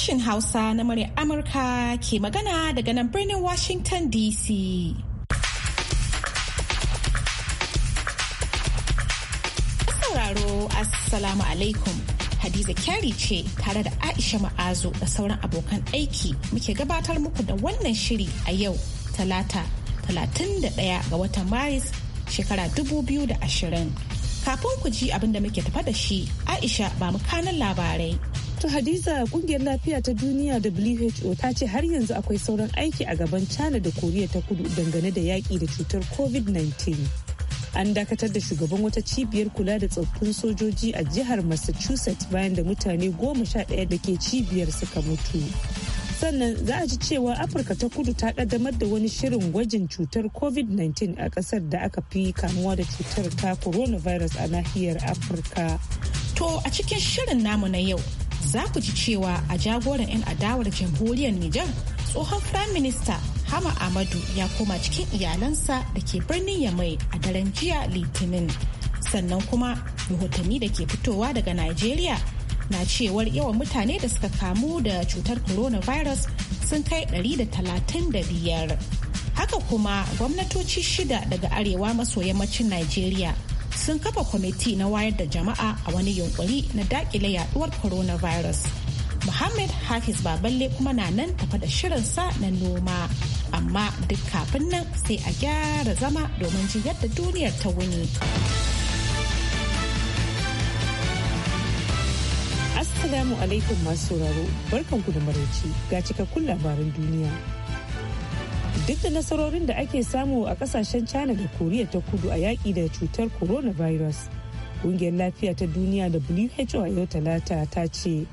sashen Hausa na murya Amurka ke magana daga nan birnin Washington DC. Sauraro Assalamu alaikum. Hadiza Kyari ce tare da Aisha Ma'azu da sauran abokan aiki muke gabatar muku da wannan shiri a yau talata talatin da 31 ga watan Maris shekara 2020. Kafin ku ji abin da muke tafa da shi, Aisha ba mu kanan labarai. Dr. Hadiza kungiyar lafiya ta duniya WHO ta ce har yanzu akwai sauran aiki a gaban China da Koriya ta kudu dangane da yaƙi da cutar COVID-19. An dakatar da shugaban wata cibiyar kula da tsoffin sojoji a jihar Massachusetts bayan da mutane goma sha ɗaya da ke cibiyar suka mutu. Sannan za a ji cewa Afirka ta kudu ta ƙaddamar da wani shirin gwajin cutar COVID-19 a ƙasar da aka fi kamuwa da cutar ta coronavirus a nahiyar Afirka. To a cikin shirin namu na yau za ku ji cewa a jagoran 'yan adawar jamhuriyar Nijar tsohon Prime Minister Hama Amadu ya koma cikin iyalansa da ke birnin Yamai a daren jiya Litinin. Sannan kuma rahotanni da ke fitowa daga Najeriya na cewar yawan mutane da suka kamu da cutar coronavirus sun kai 135. Haka kuma gwamnatoci shida daga arewa maso yammacin Najeriya sun kafa kwamiti na wayar da jama'a a wani yunkuri na dakile yaduwar coronavirus. Muhammad Hafiz Baballe kuma na nan tafa da sa na noma. Amma duk kafin nan sai a gyara zama domin jin yadda duniyar ta wuni. Assalamu alaikum masu sauraro, barkanku da maraici ga cikakkun labaran duniya. duk da nasarorin da ake samu a kasashen china da koriya ta kudu a yaƙi da cutar coronavirus ƙungiyar lafiya ta duniya who a yau talata ta ce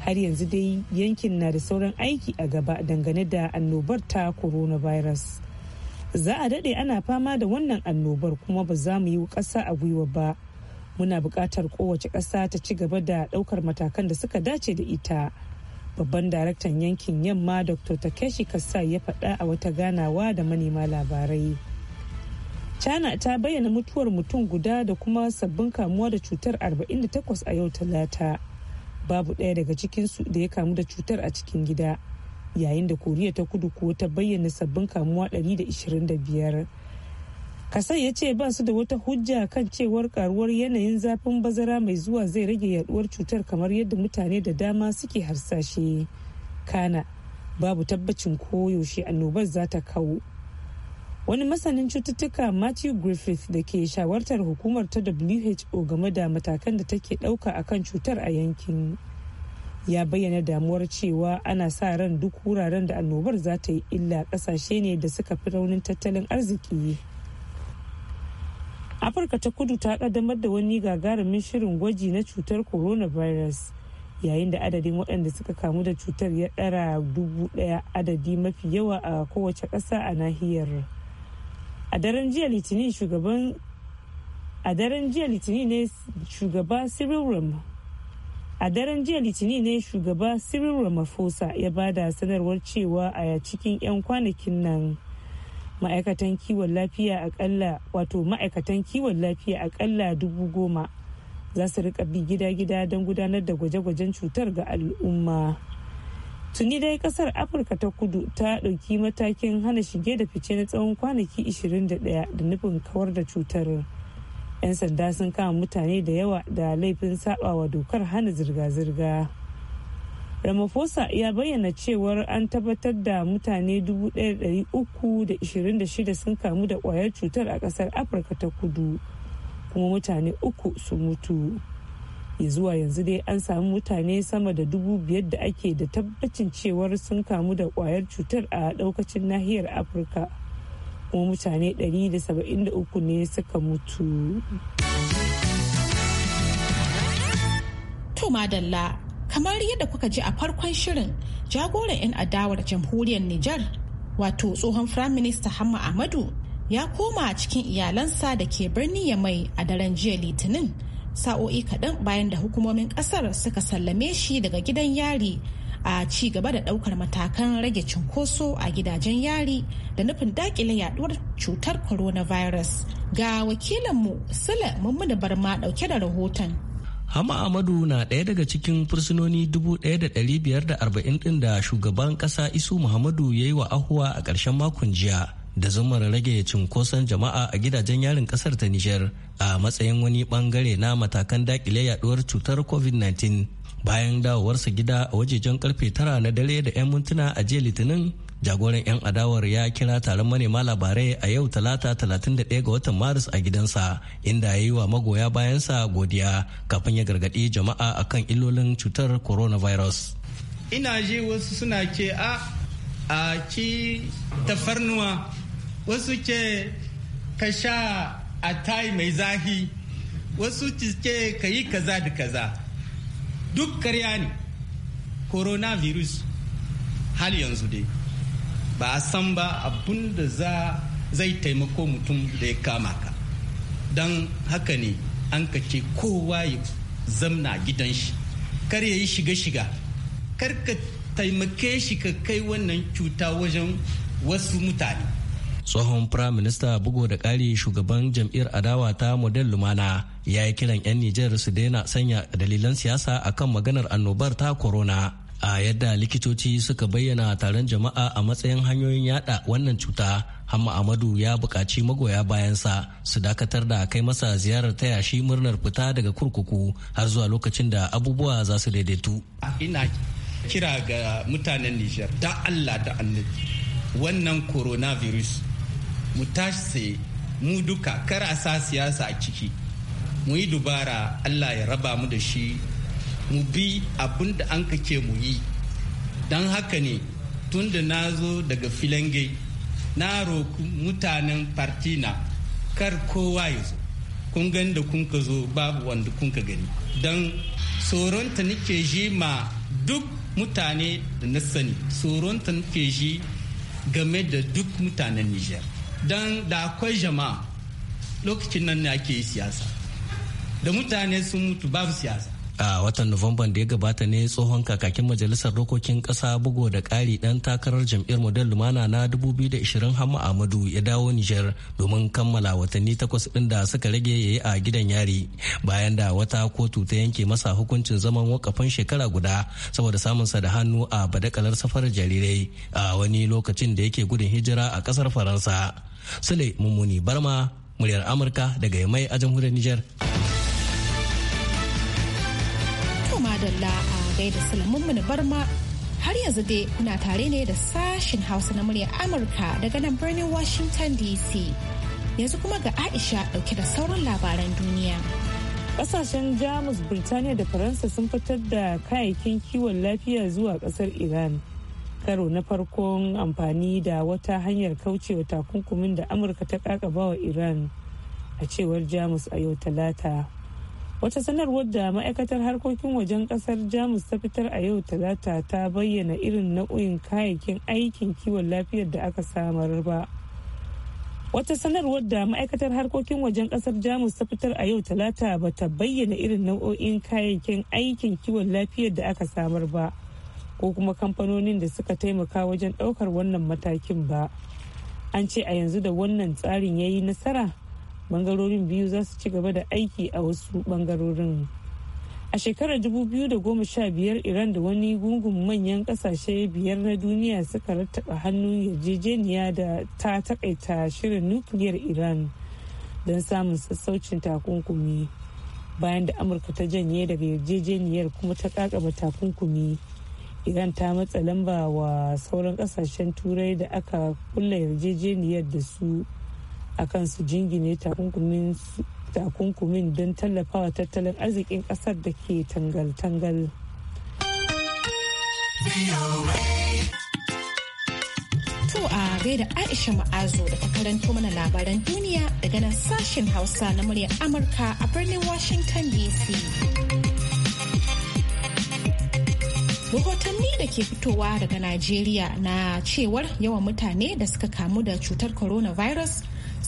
har yanzu dai yankin na da sauran aiki a gaba dangane da annobar ta coronavirus za a daɗe ana fama da wannan annobar kuma ba za mu yi ƙasa a gwiwa ba muna buƙatar kowace ƙasa ta ci gaba da ɗaukar matakan da suka dace da ita babban daraktan yankin yamma dr takeshi kasai ya faɗa a wata ganawa da manema labarai china ta bayyana mutuwar mutum guda da kuma sabbin kamuwa da cutar 48 a yau talata babu ɗaya daga cikinsu da ya kamu da cutar a cikin gida yayin da koriya ta kudu kuwa ta bayyana sabbin kamuwa 125 kasai ya ce ba su da wata hujja kan cewar karuwar yanayin zafin bazara mai zuwa zai rage yaduwar cutar kamar yadda mutane da dama suke harsashe. Kana babu tabbacin koyaushe annobar za ta kawo. Wani masanin cututtuka Matthew Griffith da ke shawartar hukumar ta WHO game da matakan da take ɗauka kan cutar a yankin. ya bayyana damuwar cewa ana sa ran duk wuraren da annobar za ta yi illa kasashe ne da suka fi raunin tattalin arziki afirka ta kudu ta kaddamar da wani gagarumin shirin gwaji na cutar coronavirus yayin da adadin waɗanda suka kamu da cutar ya ɗara dubu ɗaya adadi mafi yawa a kowace ƙasa a nahiyar a daren jiya litinin ne shugaba cyril a daren jiya litinin ne shugaba ramaphosa ya bada sanarwar cewa a cikin 'yan kwanakin nan ma'aikatan kiwon lafiya akalla wato ma'aikatan kiwon lafiya akalla dubu goma za su rika bi gida-gida don gudanar da gwaje-gwajen cutar ga al'umma tuni dai kasar afirka ta kudu ta ɗauki matakin hana shige da fice na tsawon kwanaki 21 da nufin kawar da cutar 'yan sanda sun kama mutane da yawa da laifin sabawa dokar hana zirga-zirga ramaphosa ya bayyana cewar an tabbatar da mutane 1,326 sun kamu da kwayar cutar a kasar afirka ta kudu kuma mutane uku su mutu ya zuwa yanzu dai an samu mutane sama da dubu biyar da ake da tabbacin cewar sun kamu da kwayar cutar a daukacin nahiyar afirka kuma mutane 173 ne suka mutu to madalla Kamar yadda kuka ji a farkon shirin jagoran 'yan adawar jamhuriyar Nijar wato tsohon firaminista Hamma Ahmadu ya koma cikin iyalansa da ke birni mai a daren jiya litinin sa'o'i kaɗan bayan da hukumomin ƙasar suka sallame shi daga gidan yari a ci gaba da ɗaukar matakan rage cunkoso a gidajen yari da nufin dakile yaduwar cutar coronavirus ga wakilanmu sule mummuna barma ɗauke da rahoton Hama Amadu na ɗaya daga cikin fursunoni 1,540 ɗin da shugaban ƙasa Isu Muhammadu ya yi wa ahuwa a ƙarshen makon jiya da zumar rage cunkoson jama'a a gidajen yarin ƙasar ta Nijar a matsayin wani ɓangare na matakan daƙile yaɗuwar cutar COVID-19. Bayan dawowarsa gida a wajejen karfe tara na dare da 'yan mintuna a jiya Litinin jagoran 'yan adawar ya kira taron manema labarai a yau talata 31 ga watan maris a gidansa inda ya yi wa magoya bayansa godiya kafin ya gargaɗi jama'a akan illolin cutar coronavirus ina ji wasu suna ke a a ki tafarnuwa wasu ke ka sha a tai mai zahi wasu ke ka yi kaza da kaza duk karya ne coronavirus hal yanzu dai ba a san ba abun da za zai taimako mutum da ya kama ka don haka ne an kace kowa ya zamna gidan shi kar ya yi shiga-shiga kar ka taimake shi ka kai wannan cuta wajen wasu mutane tsohon firaminista bugu da ƙari shugaban jam'iyyar adawa ta model lumana ya yi kiran 'yan nijar su daina sanya dalilan siyasa akan maganar annobar ta corona a yadda likitoci suka bayyana taron jama'a a matsayin hanyoyin yada wannan cuta hamma amadu ya bukaci magoya bayansa su dakatar da kai masa ziyarar taya shi murnar fita daga kurkuku har zuwa lokacin da abubuwa za su daidaitu ina kira ga mutanen nijar da allah da annabi wannan coronavirus mu tashi mu duka kar a sa siyasa a ciki mu yi dubara allah ya raba mu da shi mu bi abin da an kake mu yi don haka ne tun da na zo daga filange na roƙi mutanen partina kar kowa ya zo kun gan da kun ka zo babu wanda kun ka gani don tsoronta nake ji ma duk mutane da na sani tsoronta nake ji game da duk mutanen niger don da akwai jama'a lokacin nan ne ake yi siyasa da mutane sun mutu babu siyasa a watan nuwamban da ya gabata ne tsohon kakakin majalisar dokokin kasa bugo da ƙari ɗan takarar jam'iyyar model lumana na 2020 hamma amadu ya dawo nijar domin kammala watanni takwas ɗin da suka rage ya yi a gidan yari bayan da wata kotu ta yanke masa hukuncin zaman wakafan shekara guda saboda samunsa da hannu a badakalar safarar jarirai a wani lokacin da yake gudun hijira a kasar faransa sule mummuni barma muryar amurka daga mai a jamhuriyar nijar. Adalla a gaida salamun mu barma har yanzu dai kuna tare ne da sashin hausa na murya amurka daga nan birnin washington dc yanzu kuma ga aisha dauke da sauran labaran duniya kasashen jamus birtaniya da faransa sun fitar da kayayyakin kiwon lafiya zuwa kasar iran karo na farkon amfani da wata hanyar kaucewa takunkumin da amurka ta kakaba wa iran a cewar jamus a yau talata wata sanarwar da ma'aikatar harkokin wajen kasar jamus ta fitar a yau talata ta bayyana irin nau'in kayayyakin aikin kiwon lafiyar da aka samar ba wata sanarwar da ma'aikatar harkokin wajen kasar jamus ta fitar a yau talata ba ta bayyana irin nau'o'in kayayyakin aikin kiwon lafiyar da aka samar ba ko kuma kamfanonin da suka taimaka wajen ɗaukar wannan matakin ba an ce a yanzu da wannan tsarin ya yi nasara bangarorin biyu za su ci gaba da aiki a wasu bangarorin a shekarar 2015 iran da wani gungun manyan kasashe biyar na duniya suka rattaba hannun yarjejeniya da ta takaita shirin nukiliyar iran don samun sassaucin takunkumi bayan da amurka ta janye daga yarjejeniyar kuma ta kakaba takunkumi iran ta matsa lamba wa sauran kasashen turai da aka kulla yarjejeniyar da su akan su jingine takunkumin don tallafawa tattalin arzikin kasar da ke tangal-tangal. To a gaida Aisha Ma'azu da ta karanto mana labaran duniya daga nan sashen Hausa na muryar Amurka a birnin Washington DC. rahotanni da ke fitowa daga najeriya na cewar yawan mutane da suka kamu da cutar coronavirus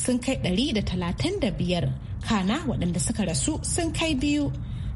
sun kai 135 kana waɗanda suka rasu sun kai biyu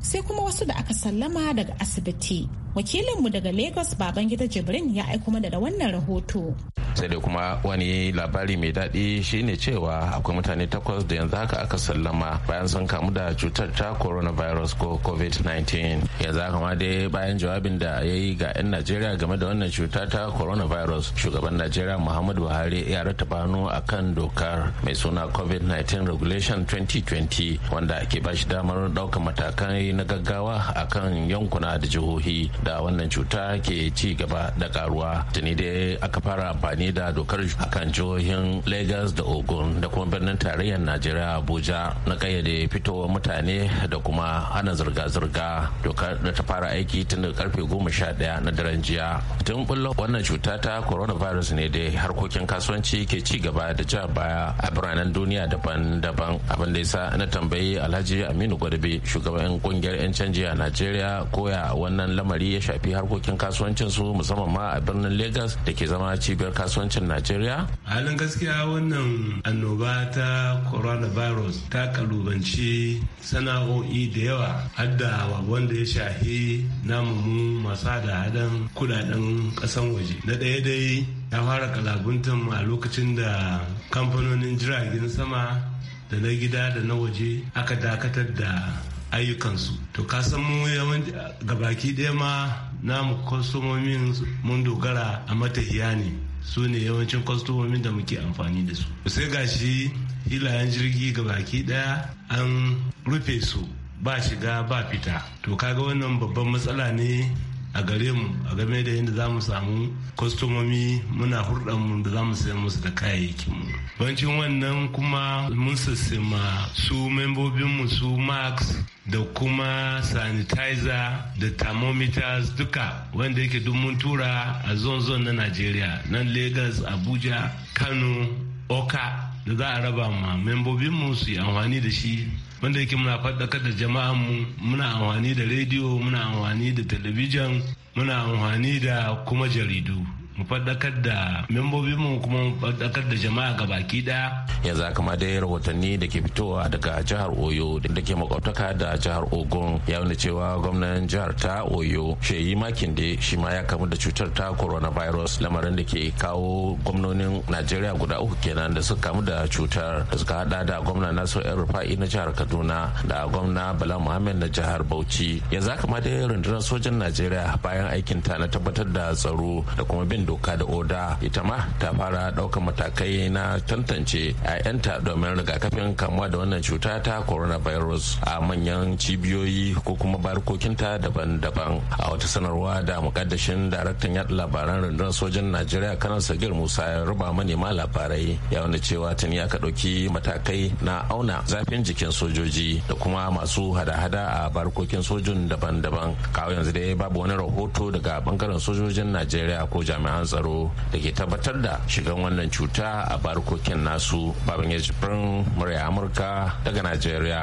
sai kuma wasu da aka sallama daga asibiti wakilinmu daga lagos babangida jibrin ya aiko mana da wannan rahoto sai dai kuma wani labari mai daɗi shine cewa akwai mutane takwas da yanzu haka aka sallama bayan sun kamu da cutar ta coronavirus ko covid-19 yanzu haka ma dai bayan jawabin da ya yi ga 'yan najeriya game da wannan cuta ta coronavirus shugaban najeriya muhammadu buhari ya bano a kan dokar mai suna covid-19 regulation 2020 wanda ke ba shi damar ɗaukar matakai na gaggawa a kan yankuna da jihohi da wannan cuta ke ci gaba da karuwa tuni dai aka fara amfani amfani da dokar akan jihohin Lagos da Ogun da kuma birnin tarayyar Najeriya Abuja na kayyade fitowar mutane da kuma hana zirga-zirga dokar da ta fara aiki tun daga karfe 11 na daren jiya. Tun bullo wannan cuta ta coronavirus ne dai harkokin kasuwanci ke ci gaba da ja baya a biranen duniya daban-daban abin da yasa na tambayi Alhaji Aminu Gwarbe shugaban kungiyar 'yan canji a Najeriya koya wannan lamari ya shafi harkokin kasuwancin su musamman ma a birnin Lagos da ke zama cibiyar kasuwanci kasuwancin Najeriya? Halin gaskiya wannan annoba ta coronavirus ta kalubanci sana'o'i da yawa hadda wanda ya shahi namu masu da hadan kudaden kasan waje. Na ɗaya dai ya fara kalabuntan a lokacin da kamfanonin jiragen sama da na gida da na waje aka dakatar da ayyukansu to ka mu gabaki ɗaya ma namu kwasomomin mun dogara a matahiya ne su ne yawancin kwastomomin da muke amfani da su sai gashi hilayen jirgi ga baki daya an rufe su ba shiga ba fita to kaga wannan babban matsala ne a gare mu a game da yadda za mu samu kwastomomi muna hurɗar mu da za mu sayar musu da kayayyakin mu bancin wannan kuma mun sassima su membobinmu su max da kuma sanitizer da thermometers duka wanda yake mun tura a zonzon na Nigeria, nan Lagos, Abuja, Kano, Oka da za a raba ma membobinmu su yi amfani da shi wanda yake muna faɗaƙar da jama'an mu muna amfani da rediyo muna amfani da talabijin muna amfani da kuma jaridu mu faɗakar da membobinmu kuma mu faɗakar da jama'a ga baki ɗaya. yanzu haka ma dai rahotanni da ke fitowa daga jihar oyo da ke makwabtaka da jihar ogun ya nuna cewa gwamnan jihar ta oyo makin makinde shi ma ya kamu da cutar ta coronavirus lamarin da ke kawo gwamnonin najeriya guda uku kenan da suka kamu da cutar da suka hada da gwamna nasu yan rufa'i na jihar kaduna da gwamna bala muhammed na jihar bauchi yanzu haka ma dai rundunar sojan najeriya bayan aikin ta na tabbatar da tsaro da kuma bin doka da oda ita ma ta fara ɗaukar matakai na tantance 'ya'yanta domin rigakafin kamuwa da wannan cuta ta coronavirus a manyan cibiyoyi ko kuma barkokinta daban-daban a wata sanarwa da mukaddashin daraktan yada labaran rundunar sojan najeriya kanan sagir musa ya ruba manema labarai ya wanda cewa tuni aka ɗauki matakai na auna zafin jikin sojoji da kuma masu hada-hada a barkokin sojin daban-daban kawo yanzu dai babu wani rahoto daga bangaren sojojin najeriya ko jami'an na tsaro da ke tabbatar da shigan wannan cuta a barkokin nasu baban ya jibrin murya amurka daga najeriya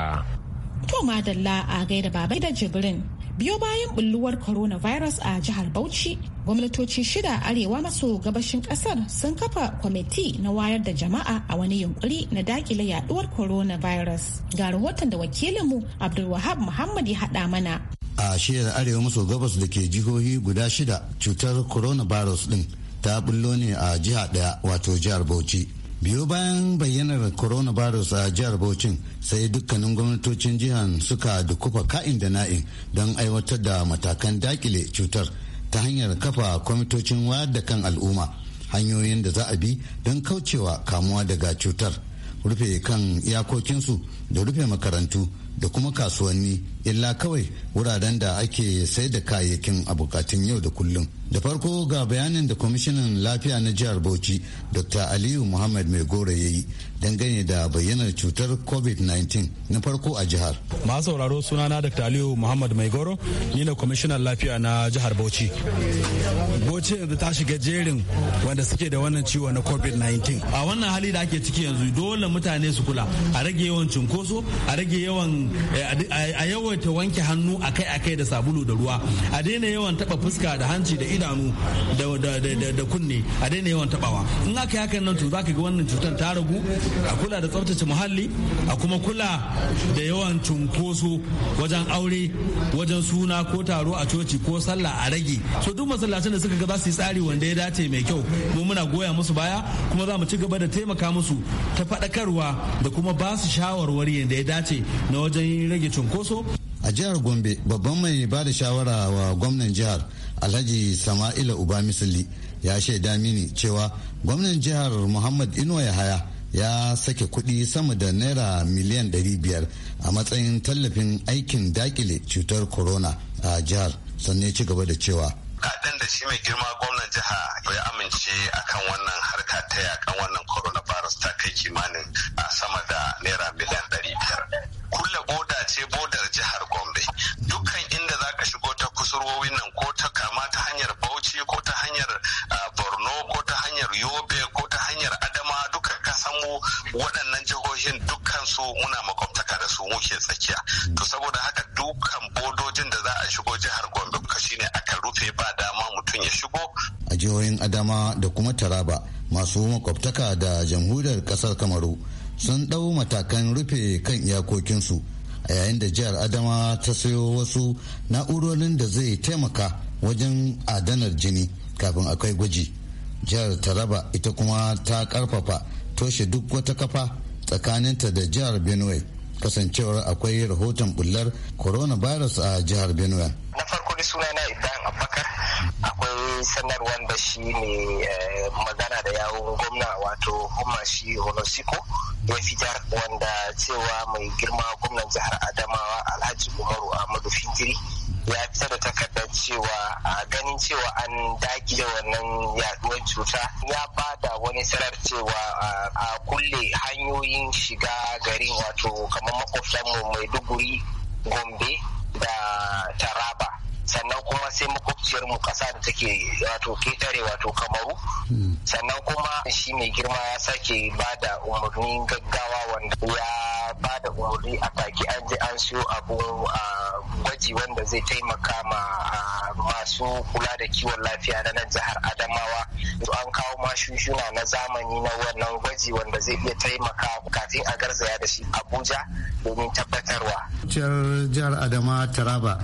to madalla a gaida babai da jibrin biyo bayan bulluwar coronavirus a jihar bauchi gwamnatoci shida arewa maso gabashin kasar sun kafa kwamiti na wayar da jama'a a wani yunkuri na dakile yaduwar coronavirus ga rahoton da wakilinmu abdulwahab muhammad ya haɗa mana a shiyar arewa maso gabas da ke jihohi guda shida cutar coronavirus din ta bullo ne a jiha daya wato jihar bauchi biyo bayan bayyanar coronavirus a jihar bauchi sai dukkanin gwamnatocin jihar suka dukufa ka'in da na'in don aiwatar da matakan dakile cutar ta hanyar kafa kwamitocin wayar da kan al'umma hanyoyin da za a bi don kaucewa kamuwa daga cutar rufe kan iyakokinsu da rufe makarantu da kuma kasuwanni illa kawai wuraren da ake sai da kayayyakin a bukatun yau da kullum da farko ga bayanin da kwamishinan lafiya na jihar bauchi dr aliyu muhammad mai gora ya yi dangane da bayyanar cutar covid-19 na farko a jihar masu sauraro sunana dr aliyu muhammad mai goro ni ne kwamishinan lafiya na jihar bauchi bauchi yanzu ta shiga jerin wanda suke da wannan ciwo na covid-19 a wannan hali da ake ciki yanzu dole mutane su kula a rage yawan cunkoso a rage yawan eh, a yawan ta wanke hannu akai-akai da sabulu da ruwa a daina yawan taba fuska da hanci da idanu da kunne a daina yawan tabawa in aka yi hakan nan to zaka ga wannan cutar ta ragu a kula da tsaftace muhalli a kuma kula da yawan cunkoso wajen aure wajen suna ko taro a coci ko sallah a rage so duk masallacin da suka ga za su yi tsari wanda ya dace mai kyau mu muna goya musu baya kuma za mu ci gaba da taimaka musu ta faɗakarwa da kuma ba su shawarwari yadda ya dace na wajen rage cunkoso a jihar gombe babban mai ba da shawara wa gwamnan jihar alhaji sama'ila uba misali ya shaida mini cewa gwamnan jihar muhammad inuwa yahaya ya sake kuɗi sama da naira miliyan 500 a matsayin tallafin aikin dakile cutar corona a jihar sannan ci gaba da cewa kaɗan da shi mai girma gwamnan jiha ya amince a kan wannan harka ta yakan wannan coronavirus ta kai kimanin a sama da naira miliyan 500 kulle boda ce boda ta hanyar bauchi ko ta hanyar ah, borno ko ta hanyar yobe ko ta hanyar adama duka kasanmu waɗannan jihohin dukkansu muna makwabtaka da su muke tsakiya to saboda haka dukkan bodojin da za a shigo jihar gombe ka shine aka rufe ba dama mutum ya shigo a jihohin adama da kuma taraba masu makwabtaka da jamhuriyar kasar kamaru sun ɗau matakan rufe kan iyakokinsu a yayin da jihar adama ta sayo wasu na'urorin da zai taimaka wajen adanar jini kafin akwai gwaji jihar taraba ita kuma ta karfafa toshe duk wata kafa tsakaninta da jihar benue kasancewar akwai rahoton bullar coronavirus a jihar benue na farko da suna na ibrahim abubakar akwai sanarwar da shi ne eh, magana da yawon gwamna wato homer shi honosiko ya fitar wanda cewa mai girma gwamnan jihar adamawa alhaji umaru ahmadu fintiri ya fitar da takardar cewa a ganin cewa an dakile wannan yaduwar cuta ya ba da wani sarar cewa a kulle hanyoyin shiga garin wato kamar makwabtanmu maiduguri gombe da taraba sannan kuma sai makwabciyar mu kasa da take wato ketare wato kamaru hmm. sannan kuma shi mai girma ya sake ba da umarnin gaggawa wanda ya ba da umarni a take an je an siyo abu a gwaji wanda zai taimaka ma masu kula da kiwon lafiya na nan jihar adamawa to an kawo mashushuna na zamani na wannan gwaji wanda zai iya taimaka kafin a garzaya da shi abuja domin tabbatarwa jihar adama taraba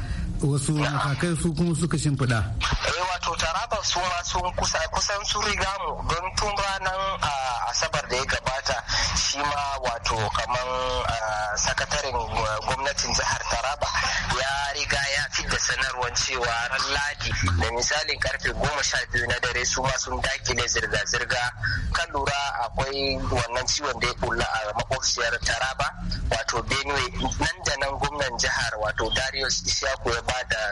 wasu matakai su kuma suka shimfiɗa. Eh wato taraba su sun kusan su riga mu don tun ranar ah, asabar da ya gabata shi ma wato kaman ah, sakataren ah, gwamnatin jihar taraba ya riga ya fi da sanarwar cewa ran ladi da misalin karfe goma sha biyu na dare su ma sun dakile zirga-zirga kan lura akwai wannan ciwon da ya bulla a makwabciyar taraba wato benue nan da nan gwamnan jihar wato darius ishaku ya ba da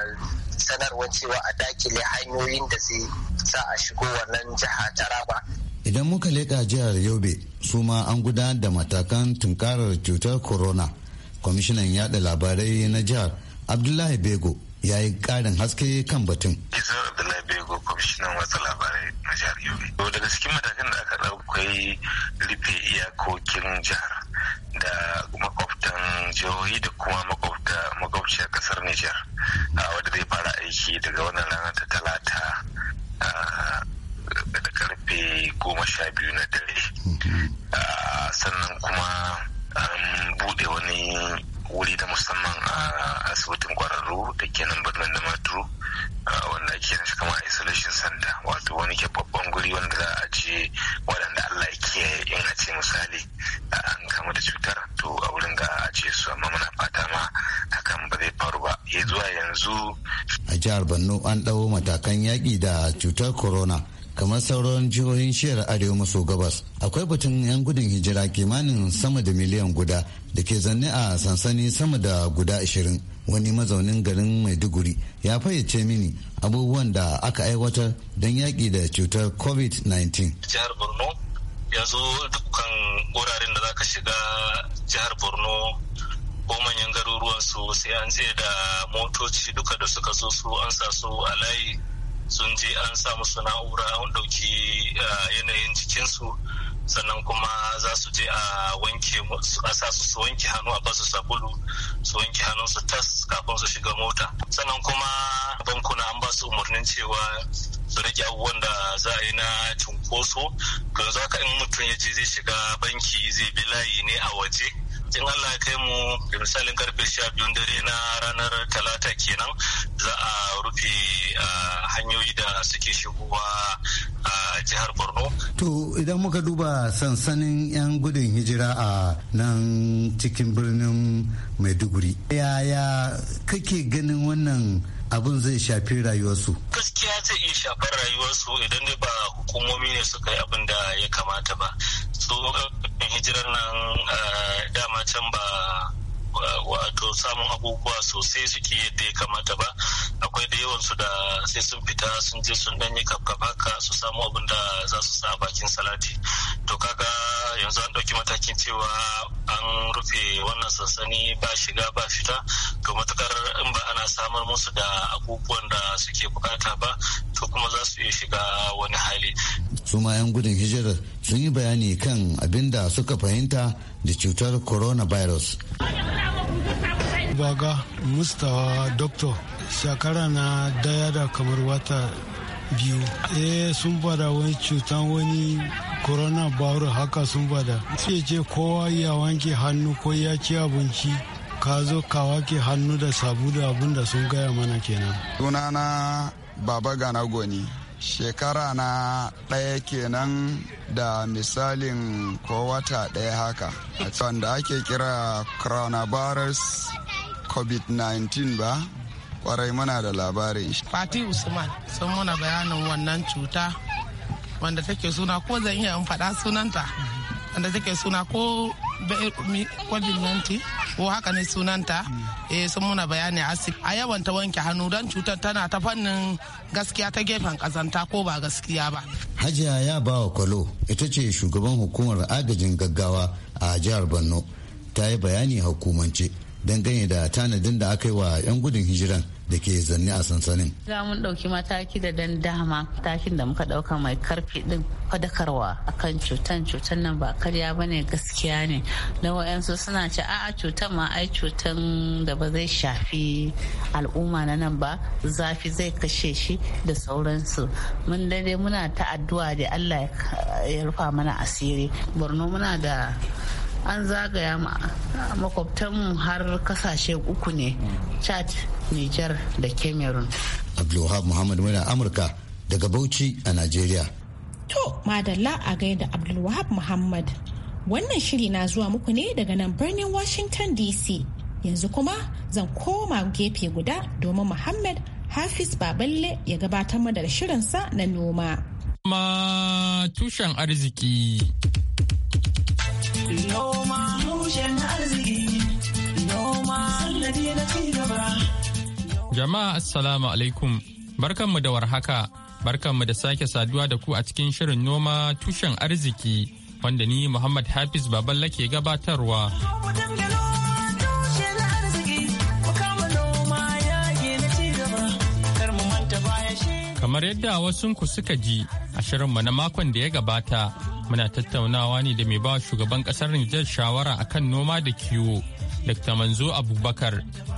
sanarwar cewa a dakile hanyoyin da zai sa a shigo wannan jiha taraba idan muka leƙa jihar yobe su ma an gudanar da matakan tunkarar cutar corona kwamishinan yada labarai na jihar abdullahi bego ya yi ƙarin haske kan batun kwamishinan watsa labarai na jihar yobe daga cikin matakan da aka ɗaukai rufe iyakokin jihar da makwabtan jihohi da kuma makwabciyar kasar Nijar wadda zai fara aiki daga wannan rana ta talata da karfe goma sha biyu na dare mm-hmm. sannan kuma an buɗe wani wuri da musamman a asibitin kwararru da ke nan birnin da maturu wanda ake kiransa kama isolation center wato wani babban guri wanda za a je waɗanda Allah ya kiyaye in a ce misali an kama da cutar to a wurin ga a ce su amma muna fata ma hakan ba zai faru ba ya eh, zuwa yanzu a jihar Borno an ɗau matakan yaƙi da cutar corona kamar sauran jihohin shiyar arewa maso gabas akwai batun 'yan gudun hijira kimanin sama da miliyan guda da ke zanne a sansani sama da guda ashirin wani mazaunin garin maiduguri ya fayyace mini abubuwan da aka aiwatar don yaƙi da cutar covid-19 jihar borno yanzu dukkan wuraren da zaka shiga jihar borno ko manyan garuruwan su sai an tsaye da motoci duka da suka zo su an sa su a layi sun je an sa musu na'ura an ɗauki ah, yanayin jikinsu sannan kuma za su je a wanke a sa su wanke hannu a basu sabulu su wanke hannun su tas kafin su shiga mota sannan kuma bankuna an ba su umarnin cewa su rage abubuwan da za a yi na cunkoso don za ka in mutum ya je zai shiga banki zai bi layi ne a waje in Allah ya kai mu da misalin karfe sha biyun dare na ranar talata kenan za a rufe ah, hanyoyi da suke shigowa ah, jihar borno to idan muka duba sansanin 'yan gudun hijira a nan cikin birnin maiduguri yaya kake ganin wannan abin zai shafi rayuwarsu gaskiya zai iya shafar rayuwarsu idan ne ba hukumomi ne suka yi abin da ya kamata ba so hijirar nan eh, dama can ba wato samun abubuwa sosai suke yadda ya kamata ba akwai da yawansu da sai sun fita sun je sun danyi kafkafaka su samu abin da za su sa bakin salati to kaga yanzu an ɗauki matakin cewa an rufe wannan sansani ba shiga ba fita to matukar in ba ana samar musu da abubuwan da suke bukata ba to kuma za su iya shiga wani hali su 'yan gudun hijirar sun yi bayani kan abin da suka fahimta da cutar coronavirus. baga mustawa doktor Shakara na daya da kamar wata biyu eh sun bada wani cutan wani corona virus haka sun bada ce ce kowa ya wanke hannu ko ya ci abinci ka zo ka wake hannu da sabu da abin da sun gaya mana kenan sunana baba gana goni shekara na ɗaya kenan da misalin ko wata ɗaya haka da ake kira coronavirus covid-19 ba kwarai muna da labarin shi. Fati Usman sun muna bayanin wannan cuta wanda take suna ko zan iya faɗa sunanta wanda take suna ko covid-19 ko haka ne sunanta eh sun muna bayani asib a yawan ta wanke hannu don cutar tana ta fannin gaskiya ta gefen kazanta ko ba gaskiya ba hajiya ya bawa kwalo ita ce shugaban hukumar agajin gaggawa a jihar borno ta yi bayani hukumance dangane da tanadin da aka yi wa 'yan gudun hijiran da ke zanne a sansanin. Za mun ɗauki mataki da dan dama matakin da muka ɗauka mai karfi ɗin fadakarwa kan cutan cutan nan ba karya ba ne gaskiya ne na wa'yansu suna ce a'a cutan ma ai cutan da ba zai shafi al'umma na nan ba zafi zai kashe shi da sauransu mun dade muna ta addu'a da Allah ya rufa mana asiri borno muna da an zagaya mu har kasashe uku ne chad niger da cameroon abdulwahab muhammad muna amurka daga bauchi a nigeria to madalla a gaida abdulwahab muhammad wannan shiri na zuwa muku ne daga nan birnin washington dc yanzu kuma zan koma gefe guda domin muhammad hafiz baballe ya gabatar da shirinsa na noma ma tushen arziki Noma tushen arziki, noma sannadi na cigaba. Jama'a Assalamu alaikum, barkanmu da warhaka, barkanmu da sake saduwa da ku a cikin shirin noma tushen arziki wanda ni Muhammad Hafiz Baballa ke gabatarwa. Kamar yadda wasu ku suka ji a shirinmu na makon da ya gabata muna tattaunawa ne da mai ba shugaban kasar Nijar shawara akan noma da kiwo, Dr. Manzo Abubakar,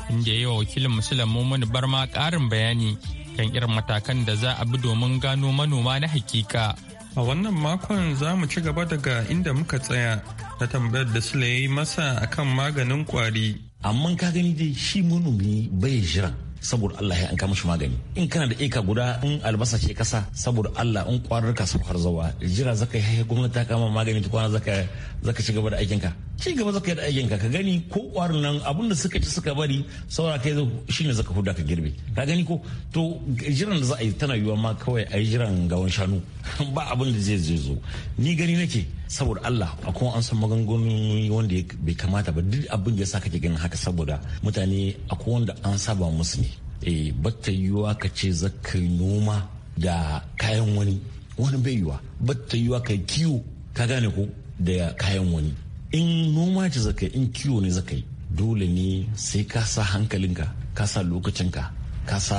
inda yi wa wakilin Musulun bar ma ƙarin bayani kan irin matakan da za a bi domin gano manoma na hakika. A wannan makon za mu ci gaba daga inda muka tsaya na tambayar da su yi masa akan maganin kwari. Amma ka gani dai shi manomi bai jiran. saboda Allah ya an kama shi magani in kana da eka guda in albasa ce kasa saboda Allah in kwarurka su har zawa jira zaka yi gwamnati ta kama magani ta kwana zaka zaka ci gaba da aikinka ci gaba zaka yi da ka ka gani ko kwarin nan abin da suka ci suka bari saura kai shine zaka huda ka girbe ka gani ko to jiran da za a yi tana yiwa ma kawai a yi jiran gawan shanu ba abin da zai zai zo ni gani nake saboda Allah akwai an san maganganu wanda bai kamata ba duk abin da ya sa kake ganin haka saboda mutane akwai wanda an saba musu ne eh batta yiwa ka ce zaka noma da kayan wani wani bai yiwa batta yiwa kai kiwo ka gane ko da kayan wani in noma ce zaka in kiwo ne zaka dole ne sai ka sa hankalinka ka sa lokacinka ka sa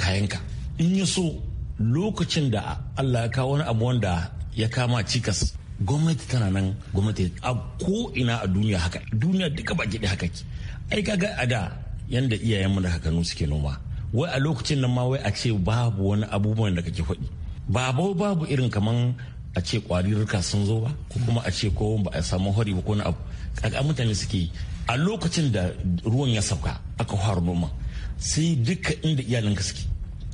kayanka in ya so lokacin da allah ya kawo wani abu wanda ya kama cikas gwamnati tana nan gwamnati a ko ina a duniya haka duniya duka baki da haka ki ai kaga a da yanda iyayenmu da kakanu suke noma wai a lokacin nan ma wai a ce babu wani abubuwan da kake faɗi babu babu irin kaman a ce rika sun zo ba ko kuma a ce ko ba a samu hori ba ko na abu kaga mutane suke a lokacin da ruwan ya sauka aka fara noma sai duka inda iyalinka suke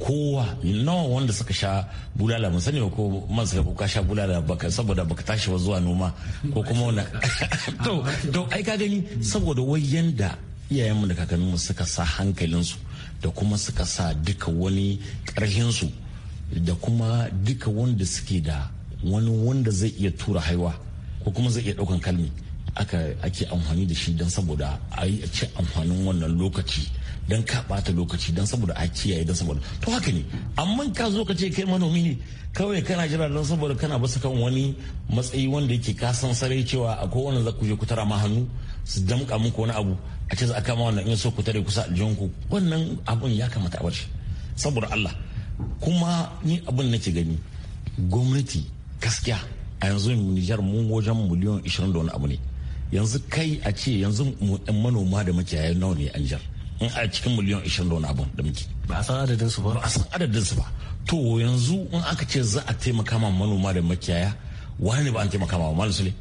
kowa nawa wanda suka sha bulala mun sani ko man suka ka sha bulala baka saboda baka tashi ba zuwa noma ko kuma wannan to to ai ka gani saboda wai yanda mu da mu suka sa hankalinsu da kuma suka sa duka wani su da kuma duka wanda suke da wani wanda zai iya tura haiwa ko kuma zai iya daukan kalmi aka ake amfani da shi don saboda a yi a ce amfanin wannan lokaci don ka bata lokaci don saboda a kiyaye don saboda to haka ne amma ka zo ka ce kai manomi ne kawai kana jira don saboda kana basu kan wani matsayi wanda yake kasan sarai cewa a kowane za ku je ku tara ma hannu su damka muku wani abu a ce za a kama wannan in so ku tare kusa aljihunku wannan abun ya kamata a bar shi saboda Allah kuma ni abin nake gani gwamnati gaskiya a yanzu nijar mun wajen miliyan 20 da wani abu ne yanzu kai a ce yanzu manoma da makiyaya nawa ne a nijar in a cikin miliyan 20 da wani abu da muke ba a san adadin su ba ba a san adadin su ba to yanzu in aka ce za a taimaka ma manoma da makiyaya wani ba an taimaka ma malam sule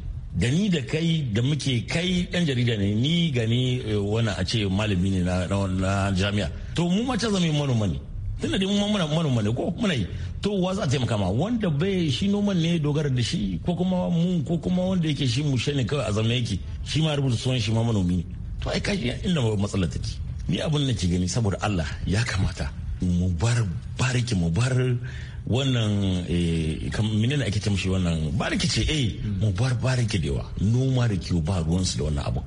da ni da kai da muke kai dan jarida ne ni gani eh, wani a ce malami ne na jami'a to mu mace zama manoma ne tunda dai mun muna manoma ne ko muna yi to wa za a taimaka ma wanda bai shi noman ne dogara da shi ko kuma mun ko kuma wanda yake shi mu ne kawai a zama yake shi ma rubuta sunan shi ma manomi ne to ai kashi inda matsala take ni abin na ke gani saboda Allah ya kamata mu bar bariki mu bar wannan eh, menene ake mushi wannan bariki ce eh mu bar bariki da yawa noma da kiwo ba ruwan su da wannan abu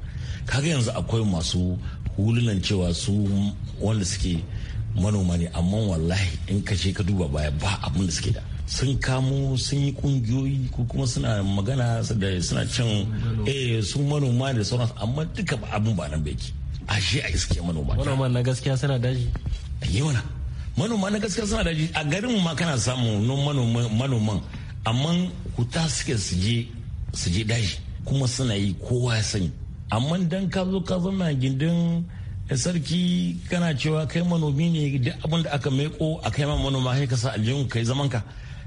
kaga yanzu akwai masu hulunan cewa su wanda suke manoma ne amma wallahi in ka ce ka duba baya ba abin da suke da sun kamo sun yi kungiyoyi ko kuma suna magana da suna can eh su manoma da sauran amma duka ba abin ba nan bai ashe a iske manoma manoma na gaskiya suna daji yawana manoma na gaskiya suna daji a garin ma kana manoma manoman amma huta suke su je su je daji kuma suna yi kowa ya sani amma dan ka zo ka zauna gindin Eh, sarki kana cewa kai manomi ne duk abin da aka meko a kai ma manoma sai ka sa aljihun kai zaman ka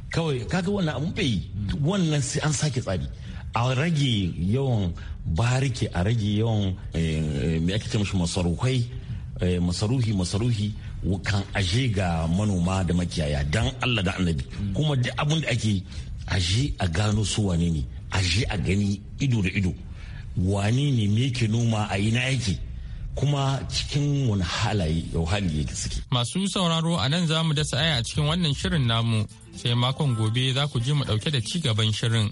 kawai kaga wannan abun bai wannan sai an sake tsari a rage yawan barike a rage yawan eh, me ake ce mishi masarukai eh, masaruhi masaruhi kan aje ga manoma da makiyaya dan Allah da annabi kuma duk abin da ake aje a gano su wane ne aje a gani ido da ido wane ne me ke noma a ina yake kuma cikin wani halaye hali yake suke. Masu sauraro a nan za mu dasa aya a cikin wannan shirin namu sai makon gobe za ku ji mu ɗauke da ci gaban shirin.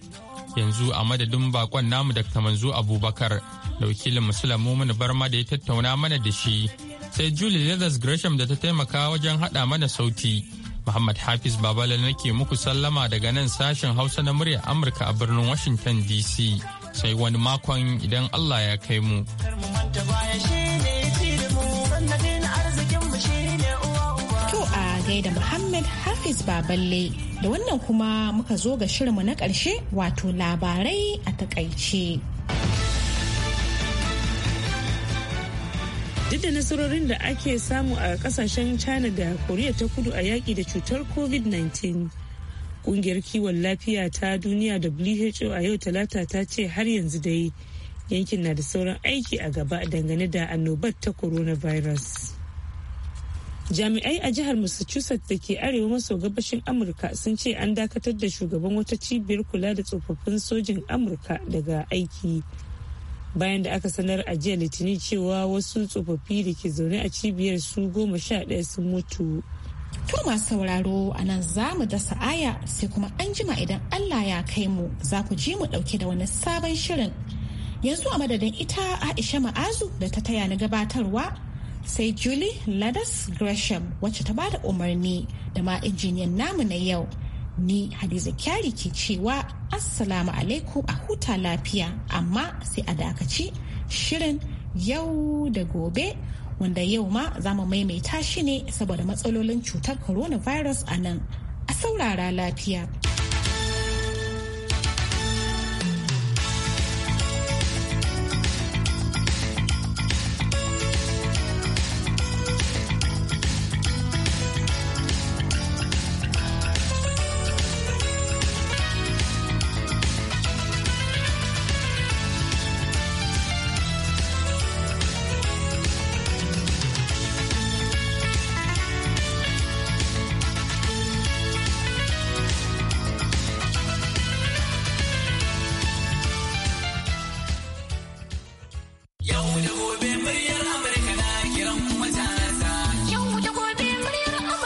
Yanzu a madadin bakon namu da manzo Abubakar da wakilin Musulamu mana barma da ya tattauna mana da shi. Sai Julie Leathers Gresham da ta taimaka wajen haɗa mana sauti. Muhammad Hafiz Babala nake muku sallama daga nan sashen Hausa na muryar Amurka a birnin Washington DC. sai wani makon idan Allah ya kai mu. To a gaida Muhammad Hafiz Baballe da wannan kuma muka zo ga shirinmu na ƙarshe wato labarai a takaice. duk da nasarorin da ake samu a kasashen china da koriya ta kudu a yaƙi da cutar covid-19 kungiyar kiwon lafiya ta duniya who a yau talata ta ce har yanzu dai yankin na da sauran aiki a gaba dangane da annobar ta coronavirus jami'ai a jihar massachusetts da ke arewa maso gabashin amurka sun ce an dakatar da shugaban wata cibiyar kula da tsofaffin sojin amurka daga aiki bayan da aka sanar a jiya litinin cewa wasu tsofaffi da ke zaune a cibiyar su goma sha ɗaya sun mutu To masu sauraro a nan za mu dasa aya sai kuma an jima idan Allah ya kai mu za ku ji mu ɗauke da wani sabon shirin. Yanzu a madadin ita Aisha Ma'azu da ta taya ni gabatarwa sai Julie Ladas Gresham wacce ta bada umarni da ma injiniyan namu na yau. Ni Hadiza Kyari ke cewa Assalamu alaikum a huta lafiya amma sai a dakaci shirin yau da gobe. wanda yau ma za mu maimaita shi ne saboda matsalolin cutar coronavirus a nan. A saurara lafiya.